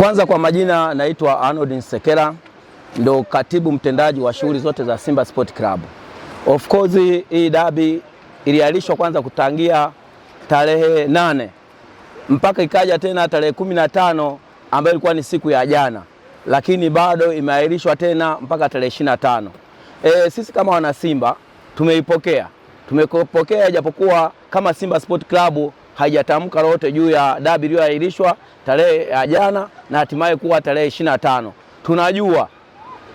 Kwanza kwa majina naitwa Arnold Nsekela, ndo katibu mtendaji wa shughuli zote za Simba Sport Club. Of course hii dabi ilialishwa kwanza kutangia tarehe nane mpaka ikaja tena tarehe kumi na tano ambayo ilikuwa ni siku ya jana, lakini bado imeahirishwa tena mpaka tarehe ishirini na tano. E, sisi kama wana Simba tumeipokea, tumepokea ijapokuwa kama Simba Sport Club haijatamka lolote juu ya dabi iliyoahirishwa tarehe ya jana na hatimaye kuwa tarehe ishirini na tano. Tunajua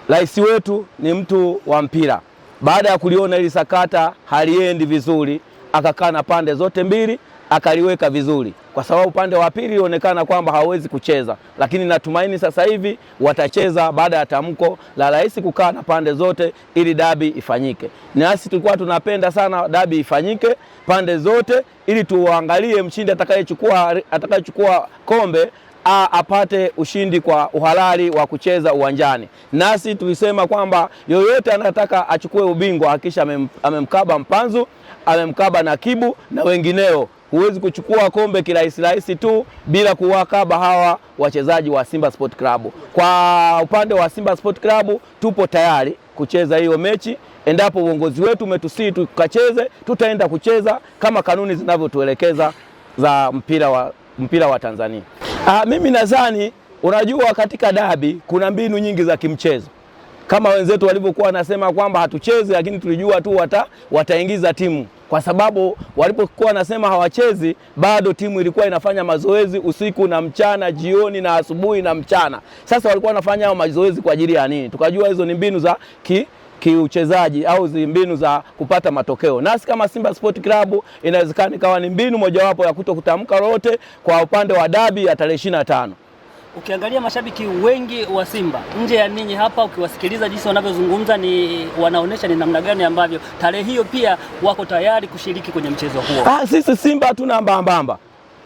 rais wetu ni mtu wa mpira. Baada ya kuliona hili sakata haliendi vizuri, akakaa na pande zote mbili akaliweka vizuri, kwa sababu upande wa pili ilionekana kwamba hawezi kucheza, lakini natumaini sasa hivi watacheza baada ya tamko la rais kukaa na pande zote ili dabi ifanyike. Nasi tulikuwa tunapenda sana dabi ifanyike pande zote, ili tuangalie mshindi atakayechukua atakayechukua kombe A, apate ushindi kwa uhalali wa kucheza uwanjani. Nasi tulisema kwamba yoyote anataka achukue ubingwa hakisha amemkaba Mpanzu, amemkaba na kibu na wengineo. Huwezi kuchukua kombe kirahisi rahisi tu bila kuwakaba hawa wachezaji wa Simba Sport Club. Kwa upande wa Simba Sport Club tupo tayari kucheza hiyo mechi endapo uongozi wetu umetusii tukacheze, tutaenda kucheza kama kanuni zinavyotuelekeza za mpira wa, mpira wa Tanzania. Ah, mimi nadhani unajua, katika dabi kuna mbinu nyingi za kimchezo kama wenzetu walivyokuwa wanasema kwamba hatuchezi, lakini tulijua tu wata, wataingiza timu kwa sababu walipokuwa wanasema hawachezi bado timu ilikuwa inafanya mazoezi usiku na mchana, jioni na asubuhi na mchana. Sasa walikuwa wanafanya hao mazoezi kwa ajili ya nini? Tukajua hizo ni mbinu za ki kiuchezaji au zi mbinu za kupata matokeo. Nasi kama Simba Sport Club inawezekana ikawa ni mbinu mojawapo ya kuto kutamka lolote kwa upande wa dabi ya tarehe ishirini na tano. Ukiangalia mashabiki wengi wa Simba nje ya ninyi hapa, ukiwasikiliza jinsi wanavyozungumza, ni wanaonesha ni namna gani ambavyo tarehe hiyo pia wako tayari kushiriki kwenye mchezo huo. Ah, sisi Simba hatuna mbambamba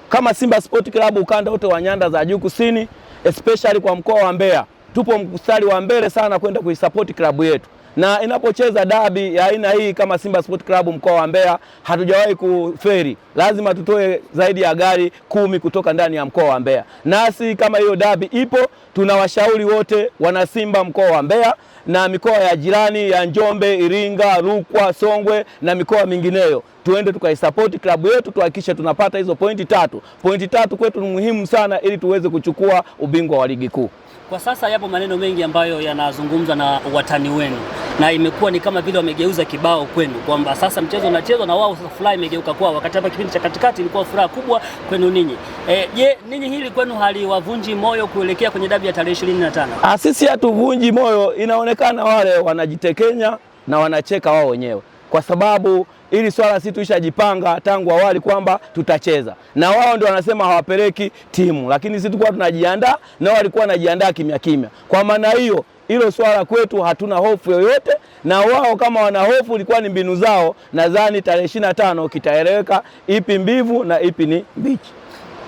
kama Simba Sport Club, ukanda wote wa nyanda za juu kusini, especially kwa mkoa wa Mbeya, tupo mstari wa mbele sana kwenda kuisapoti klabu yetu na inapocheza dabi ya aina hii kama Simba Sport Club mkoa wa Mbeya, hatujawahi kuferi, lazima tutoe zaidi ya gari kumi kutoka ndani ya mkoa wa Mbeya. Nasi kama hiyo dabi ipo, tunawashauri wote wana Simba mkoa wa Mbeya na mikoa ya jirani ya Njombe, Iringa, Rukwa, Songwe na mikoa mingineyo tuende tukaisapoti klabu yetu tuhakikishe tunapata hizo pointi tatu. Pointi tatu kwetu ni muhimu sana, ili tuweze kuchukua ubingwa wa ligi kuu. Kwa sasa yapo maneno mengi ambayo yanazungumzwa na watani wenu, na imekuwa ni kama vile wamegeuza kibao kwenu, kwamba sasa mchezo unachezwa na wao, sasa furaha imegeuka kwao, wakati hapa kipindi cha katikati ilikuwa furaha kubwa kwenu ninyi. E, je, ninyi hili kwenu haliwavunji moyo kuelekea kwenye dabi ya tarehe 25? Ah, sisi hatuvunji moyo, inaonekana wale wanajitekenya na wanacheka wao wenyewe kwa sababu ili swala si tuishajipanga tangu awali kwamba tutacheza na wao, ndio wanasema hawapeleki timu, lakini sisi tulikuwa tunajiandaa na wao walikuwa wanajiandaa kimya kimya. Kwa maana hiyo hilo swala kwetu hatuna hofu yoyote, na wao kama wana hofu ilikuwa ni mbinu zao. Nadhani tarehe ishirini na tano kitaeleweka ipi mbivu na ipi ni mbichi.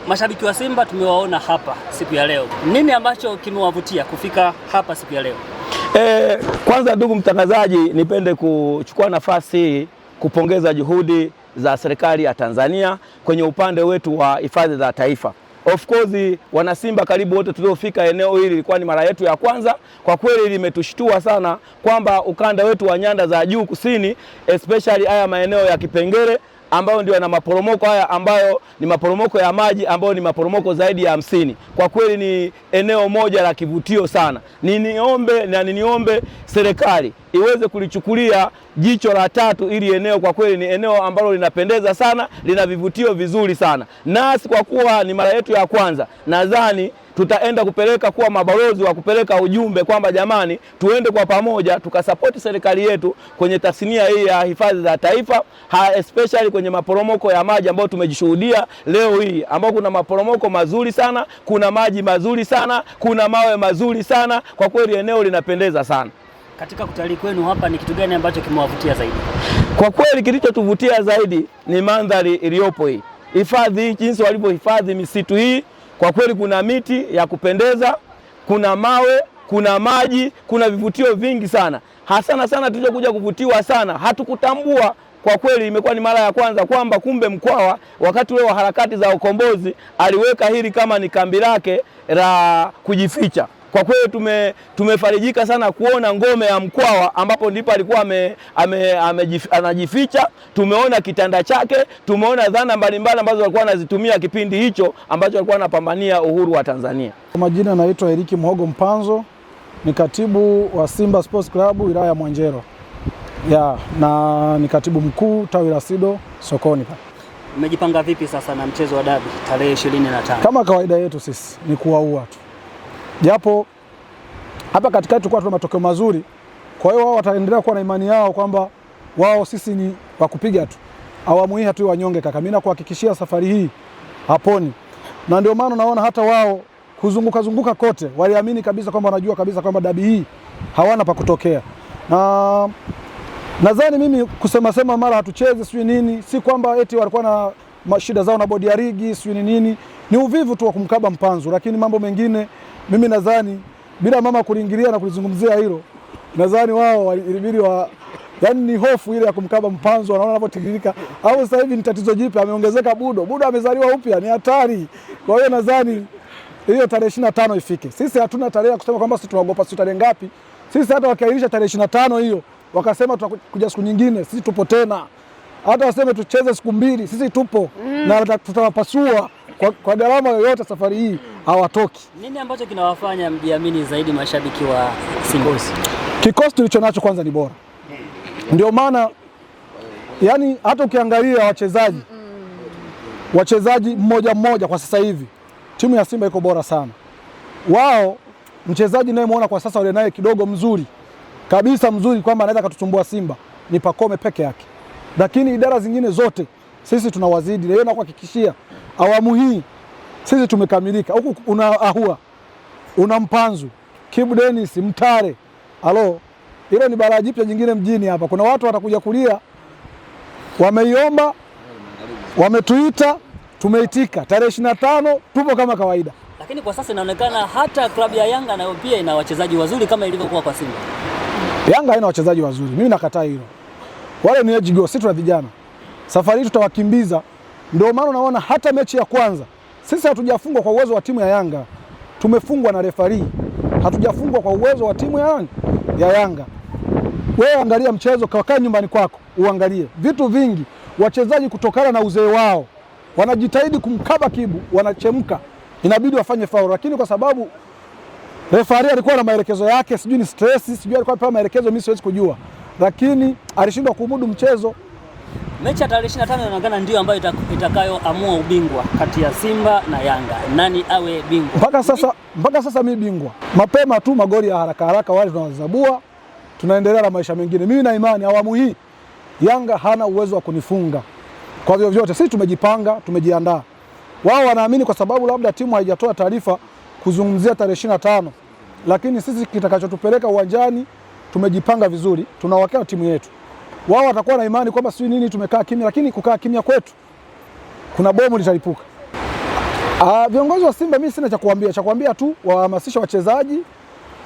Mashabiki wa Simba tumewaona hapa siku ya leo, nini ambacho kimewavutia kufika hapa siku ya leo? E, kwanza ndugu mtangazaji, nipende kuchukua nafasi hii kupongeza juhudi za serikali ya Tanzania kwenye upande wetu wa hifadhi za taifa. Of course wanasimba karibu wote tuliofika eneo hili ilikuwa ni mara yetu ya kwanza. Kwa kweli limetushtua sana kwamba ukanda wetu wa nyanda za juu kusini, especially haya maeneo ya Kipengere ambayo ndio yana maporomoko haya ambayo ni maporomoko ya maji ambayo ni maporomoko zaidi ya hamsini. Kwa kweli ni eneo moja la kivutio sana. Niniombe na niniombe serikali iweze kulichukulia jicho la tatu, ili eneo kwa kweli ni eneo ambalo linapendeza sana, lina vivutio vizuri sana. Nasi kwa kuwa ni mara yetu ya kwanza, nadhani tutaenda kupeleka kuwa mabalozi wa kupeleka ujumbe kwamba jamani, tuende kwa pamoja tukasapoti serikali yetu kwenye tasnia hii ya hifadhi za taifa, especially kwenye maporomoko ya maji ambayo tumejishuhudia leo hii, ambao kuna maporomoko mazuri sana, kuna maji mazuri sana, kuna mawe mazuri sana. Kwa kweli eneo linapendeza sana. Katika kutalii kwenu hapa ni kitu gani ambacho kimewavutia zaidi? Kwa kweli kilichotuvutia zaidi ni mandhari iliyopo hii hifadhi hii, jinsi walivyohifadhi misitu hii. Kwa kweli kuna miti ya kupendeza, kuna mawe, kuna maji, kuna vivutio vingi sana. Hasana sana tulichokuja kuvutiwa sana, hatukutambua kwa kweli imekuwa ni mara ya kwanza kwamba kumbe Mkwawa wakati ule wa harakati za ukombozi aliweka hili kama ni kambi lake la kujificha. Kwa kweli tume, tumefarijika sana kuona ngome ya Mkwawa ambapo ndipo alikuwa ame, ame, ame, anajificha. Tumeona kitanda chake, tumeona dhana mbalimbali ambazo alikuwa anazitumia kipindi hicho ambacho alikuwa anapambania uhuru wa Tanzania. Kwa majina naitwa Eriki Mhogo Mpanzo, ni katibu wa Simba Sports Club wilaya ya Mwanjero ya na ni katibu mkuu tawi la SIDO sokoni. Mmejipanga vipi sasa na mchezo wa dabi tarehe 25? Kama kawaida yetu sisi ni kuwaua tu japo hapa katikati tulikuwa tuna matokeo mazuri. Kwa hiyo wao wataendelea kuwa na imani yao kwamba wao sisi ni wa kupiga tu, awamu hii hatu wanyonge. Kaka, mimi nakuhakikishia safari hii haponi, na ndio maana naona hata wao kuzunguka zunguka kote waliamini kabisa kwamba wanajua kabisa kwamba dabi hii hawana pa kutokea, na nadhani mimi kusema sema mara hatuchezi sijui nini, si kwamba eti walikuwa na mashida zao na bodi ya ligi sijui nini ni uvivu tu wa kumkaba mpanzu, lakini mambo mengine mimi nadhani bila mama kuliingilia na kulizungumzia hilo, nadhani wao ilibidi wa yani ni hofu ile ya kumkaba mpanzu, wanaona anapotiririka. Au sasa hivi ni tatizo jipya, ameongezeka budo budo, amezaliwa upya, ni hatari. Kwa hiyo nadhani hiyo tarehe ishirini na tano ifike. Sisi hatuna tarehe ya kusema kwamba sisi tunaogopa sisi tarehe ngapi. Sisi hata wakiahirisha tarehe ishirini na tano hiyo wakasema tutakuja siku nyingine, sisi tupo tena. Hata waseme tucheze siku mbili, sisi tupo mm, na tutawapasua kwa, kwa gharama yoyote safari hii hawatoki. Nini ambacho kinawafanya mjiamini zaidi mashabiki wa Simba? Kikosi tulicho nacho kwanza ni bora, ndio maana yani hata ukiangalia wachezaji wachezaji mmoja mmoja kwa sasa hivi timu ya Simba iko bora sana. Wao mchezaji nayemwona kwa sasa wale naye kidogo mzuri kabisa mzuri kwamba anaweza akatutumbua Simba ni Pakome peke yake, lakini idara zingine zote sisi tunawazidi. Leo nakuhakikishia Awamu hii sisi tumekamilika, huku una Ahua, una Mpanzu, Kibu Dennis, Mtare. Alo, hilo ni bara jipya jingine mjini hapa. Kuna watu watakuja kulia, wameiomba, wametuita, tumeitika. Tarehe ishirini na tano tupo kama kawaida lakini kwa sasa inaonekana hata klabu ya Yanga nayo pia ina wachezaji wazuri kama ilivyokuwa kwa Simba. Yanga haina wachezaji wazuri, mimi nakataa hilo. Wale ni ejigo, sisi tuna vijana. Safari hii tutawakimbiza ndio maana unaona hata mechi ya kwanza sisi hatujafungwa kwa uwezo wa timu ya Yanga, tumefungwa na refari. Hatujafungwa kwa uwezo wa timu ya Yanga, ya Yanga. Wewe angalia mchezo, kakaa nyumbani kwako uangalie vitu vingi. Wachezaji kutokana na uzee wao wanajitahidi kumkaba kibu, wanachemka, inabidi wafanye faulu, lakini kwa sababu refari alikuwa na maelekezo yake, sijui ni stress, sijui alikuwa apewa maelekezo, mimi siwezi kujua, lakini alishindwa kumudu mchezo. Mechi ya tarehe 25 inaonekana ndio ambayo itakayoamua ubingwa kati ya Simba na Yanga, nani awe bingwa. Mpaka sasa, mpaka sasa mimi bingwa mapema tu, magoli ya haraka haraka wale tunawazabua, tunaendelea na maisha mengine. Mimi na imani awamu hii Yanga hana uwezo wa kunifunga kwa vyovyote. Sisi tumejipanga, tumejiandaa. Wao wanaamini kwa sababu labda timu haijatoa taarifa kuzungumzia tarehe 25, lakini sisi kitakachotupeleka uwanjani tumejipanga vizuri, tunawakea timu yetu wao watakuwa na imani kwamba sijui nini tumekaa kimya, lakini kukaa kimya kwetu kuna bomu litalipuka. Ah, viongozi wa Simba mimi sina cha kuambia, cha kuambia tu wahamasisha wachezaji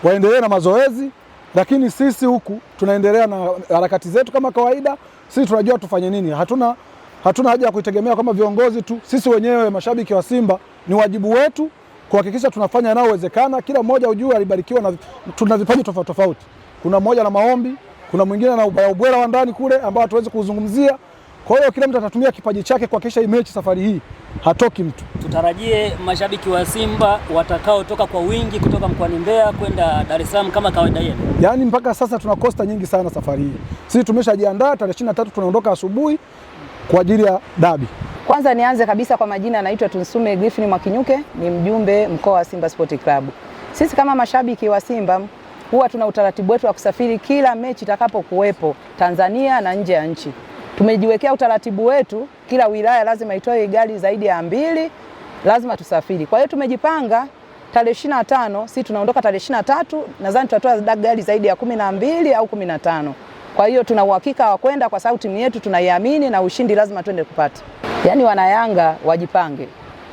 waendelee na mazoezi, lakini sisi huku tunaendelea na harakati zetu kama kawaida. Sisi tunajua tufanye nini, hatuna hatuna haja ya kuitegemea kama viongozi tu. Sisi wenyewe mashabiki wa Simba ni wajibu wetu kuhakikisha tunafanya nao uwezekana. Kila mmoja ujue alibarikiwa na, tuna vipaji tofauti tofauti. Kuna mmoja na maombi kuna mwingine na ubaya ubwera wa ndani kule ambao hatuwezi kuzungumzia. Kwa hiyo kila mtu atatumia kipaji chake kuhakikisha mechi safari hii hatoki mtu. Tutarajie mashabiki wa Simba watakaotoka kwa wingi kutoka mkoani Mbeya kwenda Dar es Salaam kama kawaida yetu. Yaani mpaka sasa tuna kosta nyingi sana safari hii. Sisi tumeshajiandaa, tarehe 23 tunaondoka asubuhi kwa ajili ya dabi. Kwanza nianze kabisa kwa majina, anaitwa Tunsume Griffin Mwakinyuke, ni mjumbe mkoa wa Simba Sport Club. Sisi kama mashabiki wa Simba huwa tuna utaratibu wetu wa kusafiri kila mechi itakapokuwepo Tanzania na nje ya nchi. Tumejiwekea utaratibu wetu, kila wilaya lazima itoe gari zaidi ya mbili, lazima tusafiri. Kwa hiyo tumejipanga tarehe ishirini na tano si tunaondoka tarehe ishirini na tatu nadhani tutatoa gari zaidi ya kumi na mbili au kumi na tano kwa hiyo tuna uhakika wa kwenda kwa sababu timu yetu tunaiamini na ushindi lazima twende kupata. Yaani wanayanga wajipange,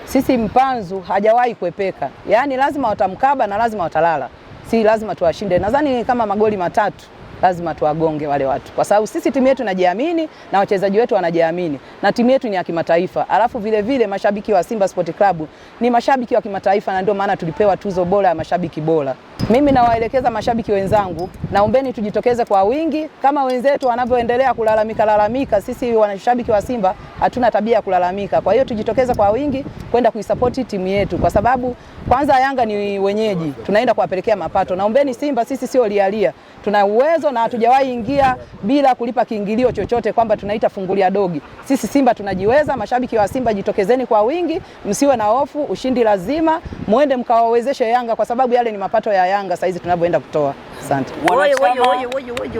sisi Mpanzu hajawahi kuepeka, yaani lazima watamkaba na lazima watalala si lazima tuwashinde. Nadhani kama magoli matatu lazima tuwagonge wale watu, kwa sababu sisi timu yetu inajiamini na wachezaji wetu wanajiamini na timu yetu ni ya kimataifa. Alafu vile vile mashabiki wa Simba Sport Club ni mashabiki wa kimataifa, na ndio maana tulipewa tuzo bora ya mashabiki bora. Mimi nawaelekeza mashabiki wenzangu, naombeni tujitokeze kwa wingi kama wenzetu wanavyoendelea kulalamika lalamika. Sisi wanashabiki wa Simba hatuna tabia ya kulalamika, kwa hiyo tujitokeze kwa wingi kwenda kuisapoti timu yetu, kwa sababu kwanza Yanga ni wenyeji, tunaenda kuwapelekea mapato. Naombeni Simba, sisi sio lialia, tuna uwezo na hatujawahi ingia bila kulipa kiingilio chochote, kwamba tunaita fungulia dogi. Sisi Simba tunajiweza. Mashabiki wa Simba jitokezeni kwa wingi, msiwe na hofu, ushindi lazima, muende mkawawezeshe Yanga kwa sababu yale ni mapato ya Yanga. Yanga saa hizi tunavyoenda kutoa. Asante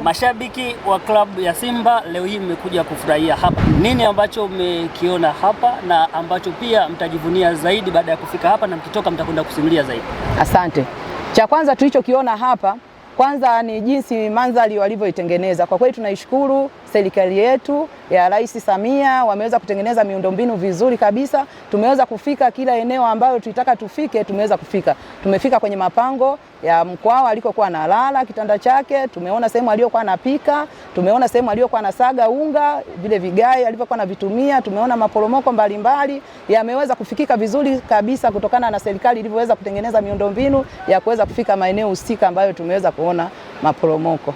mashabiki wa klabu ya Simba, leo hii mmekuja kufurahia hapa, nini ambacho mmekiona hapa na ambacho pia mtajivunia zaidi baada ya kufika hapa na mkitoka mtakwenda kusimulia zaidi? Asante. Cha kwanza tulichokiona hapa kwanza ni jinsi mandhari walivyoitengeneza, kwa kweli tunaishukuru serikali yetu ya Rais Samia wameweza kutengeneza miundombinu vizuri kabisa. Tumeweza kufika kila eneo ambayo tulitaka tufike, tumeweza kufika. Tumefika kwenye mapango ya Mkwawa alikokuwa analala kitanda chake, tumeona sehemu aliyokuwa anapika, tumeona sehemu aliyokuwa anasaga unga, vile vigae alivyokuwa anavitumia, tumeona maporomoko mbalimbali yameweza kufikika vizuri kabisa kutokana na serikali ilivyoweza kutengeneza miundombinu ya kuweza kufika maeneo husika ambayo tumeweza kuona maporomoko.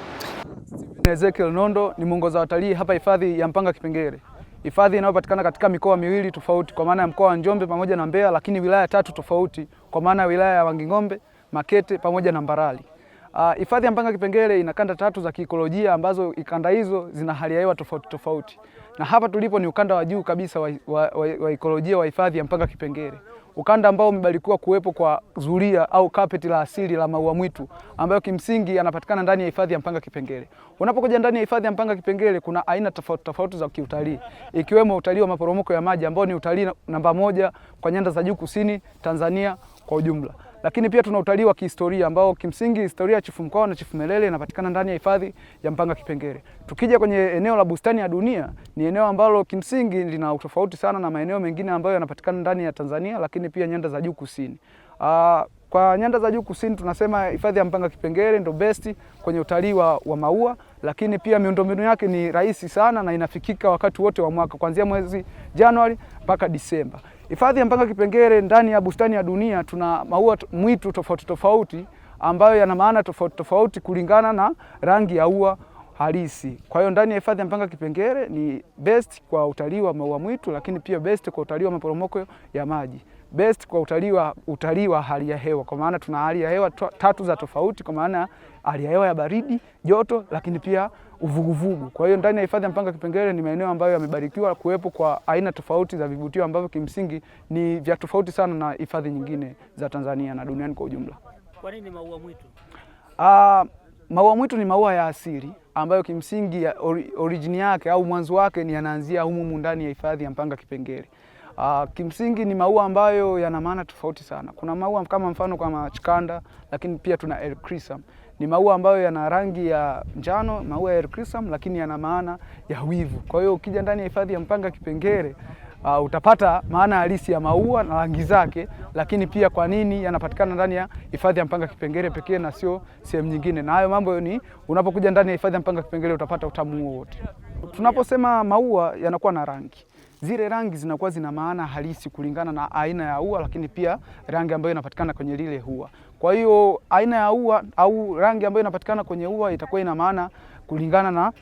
Ezekiel Nondo ni mwongoza watalii hapa hifadhi ya Mpanga Kipengere, hifadhi inayopatikana katika mikoa miwili tofauti kwa maana ya mkoa wa Njombe pamoja na Mbeya, lakini wilaya tatu tofauti kwa maana ya wilaya ya Wanging'ombe, Makete pamoja na Mbarali. Ah, hifadhi uh, ya Mpanga Kipengere ina kanda tatu za kiikolojia ambazo kanda hizo zina hali ya hewa tofauti tofauti, na hapa tulipo ni ukanda wa juu kabisa wa ikolojia wa hifadhi ya Mpanga Kipengere ukanda ambao umebarikiwa kuwepo kwa zulia au kapeti la asili la maua mwitu ambayo kimsingi yanapatikana ndani ya hifadhi ya Mpanga Kipengere. Unapokuja ndani ya hifadhi ya Mpanga Kipengere kuna aina tofauti tofauti za kiutalii ikiwemo utalii wa maporomoko ya maji ambao ni utalii namba moja kwa nyanda za juu kusini Tanzania kwa ujumla. Lakini pia tuna utalii wa kihistoria ambao kimsingi historia ya Chifu Mkwawa na Chifu Melele inapatikana ndani ya hifadhi ya Mpanga Kipengere. Tukija kwenye eneo la Bustani ya Dunia, ni eneo ambalo kimsingi lina utofauti sana na maeneo mengine ambayo yanapatikana ndani ya Tanzania, lakini pia nyanda za juu kusini. Aa, ah, kwa nyanda za juu kusini tunasema hifadhi ya Mpanga Kipengere ndo besti kwenye utalii wa, wa maua, lakini pia miundombinu yake ni rahisi sana na inafikika wakati wote wa mwaka kuanzia mwezi Januari mpaka Disemba. Hifadhi ya Mpanga Kipengere ndani ya bustani ya dunia tuna maua mwitu tofauti tofauti ambayo yana maana tofauti tofauti kulingana na rangi ya ua halisi. Kwa hiyo ndani ya hifadhi ya Mpanga Kipengere ni best kwa utalii wa maua mwitu, lakini pia best kwa utalii wa maporomoko ya maji best kwa utalii wa utalii wa hali ya hewa, kwa maana tuna hali ya hewa tatu za tofauti, kwa maana hali ya hewa ya baridi, joto, lakini pia uvuguvugu. Kwa hiyo ndani ya hifadhi ya Mpanga Kipengere ni maeneo ambayo yamebarikiwa kuwepo kwa aina tofauti za vivutio ambavyo kimsingi ni vya tofauti sana na hifadhi nyingine za Tanzania na duniani kwa ujumla. Kwa nini maua mwitu? Uh, maua mwitu ni maua ya asili ambayo kimsingi ya orijini yake au mwanzo wake ni yanaanzia humu ndani ya hifadhi ya Mpanga Kipengere. Uh, kimsingi ni maua ambayo yana maana tofauti sana. Kuna maua kama mfano kama chikanda, lakini pia tuna elcrisam. Ni maua ambayo yana rangi ya njano, maua ya elcrisam, lakini yana maana ya wivu. Kwa hiyo ukija ndani ya hifadhi ya Mpanga Kipengere Uh, utapata maana halisi ya maua na rangi zake, lakini pia kwa nini yanapatikana ndani ya hifadhi ya Mpanga Kipengere pekee na sio sehemu nyingine. Na hayo mambo ni unapokuja ndani ya hifadhi ya Mpanga Kipengere utapata utamu wote. Tunaposema maua yanakuwa na rangi zile rangi zinakuwa zina maana halisi kulingana na aina ya ua, lakini pia rangi ambayo inapatikana kwenye lile ua. Kwa hiyo aina ya ua au rangi ambayo inapatikana kwenye ua itakuwa ina maana kulingana na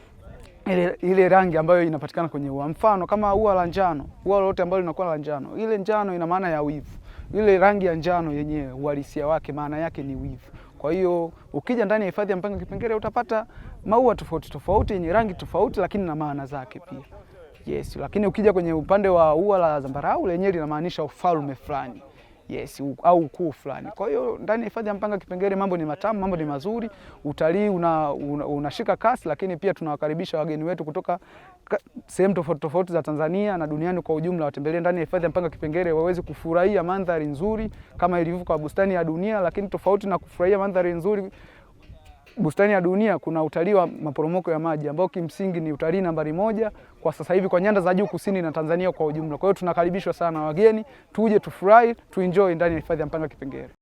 ile, ile rangi ambayo inapatikana kwenye ua. Mfano kama ua la njano, ua lolote ambalo linakuwa la njano, ile njano ina maana ya wivu. Ile rangi ya njano yenyewe uhalisia wake maana yake ni wivu. Kwa hiyo ukija ndani ya hifadhi ya Mpanga Kipengere utapata maua tofauti tofauti yenye rangi tofauti, lakini na maana zake pia. Yes, lakini ukija kwenye upande wa ua la zambarau lenyewe linamaanisha ufalme fulani. Yes, au ukuu fulani. Kwa hiyo ndani ya hifadhi ya Mpanga Kipengere mambo ni matamu, mambo ni mazuri, utalii una, una, unashika kasi, lakini pia tunawakaribisha wageni wetu kutoka sehemu tofauti tofauti za Tanzania na duniani kwa ujumla watembelee ndani ya hifadhi ya Mpanga Kipengere waweze kufurahia mandhari nzuri kama ilivyo kwa bustani ya dunia, lakini tofauti na kufurahia mandhari nzuri Bustani ya Dunia kuna utalii wa maporomoko ya maji ambao kimsingi ni utalii nambari moja kwa sasa hivi kwa nyanda za juu kusini na Tanzania kwa ujumla. Kwa hiyo tunakaribishwa sana wageni, tuje tufurahi, tuenjoy ndani ya hifadhi ya mpanga Kipengere.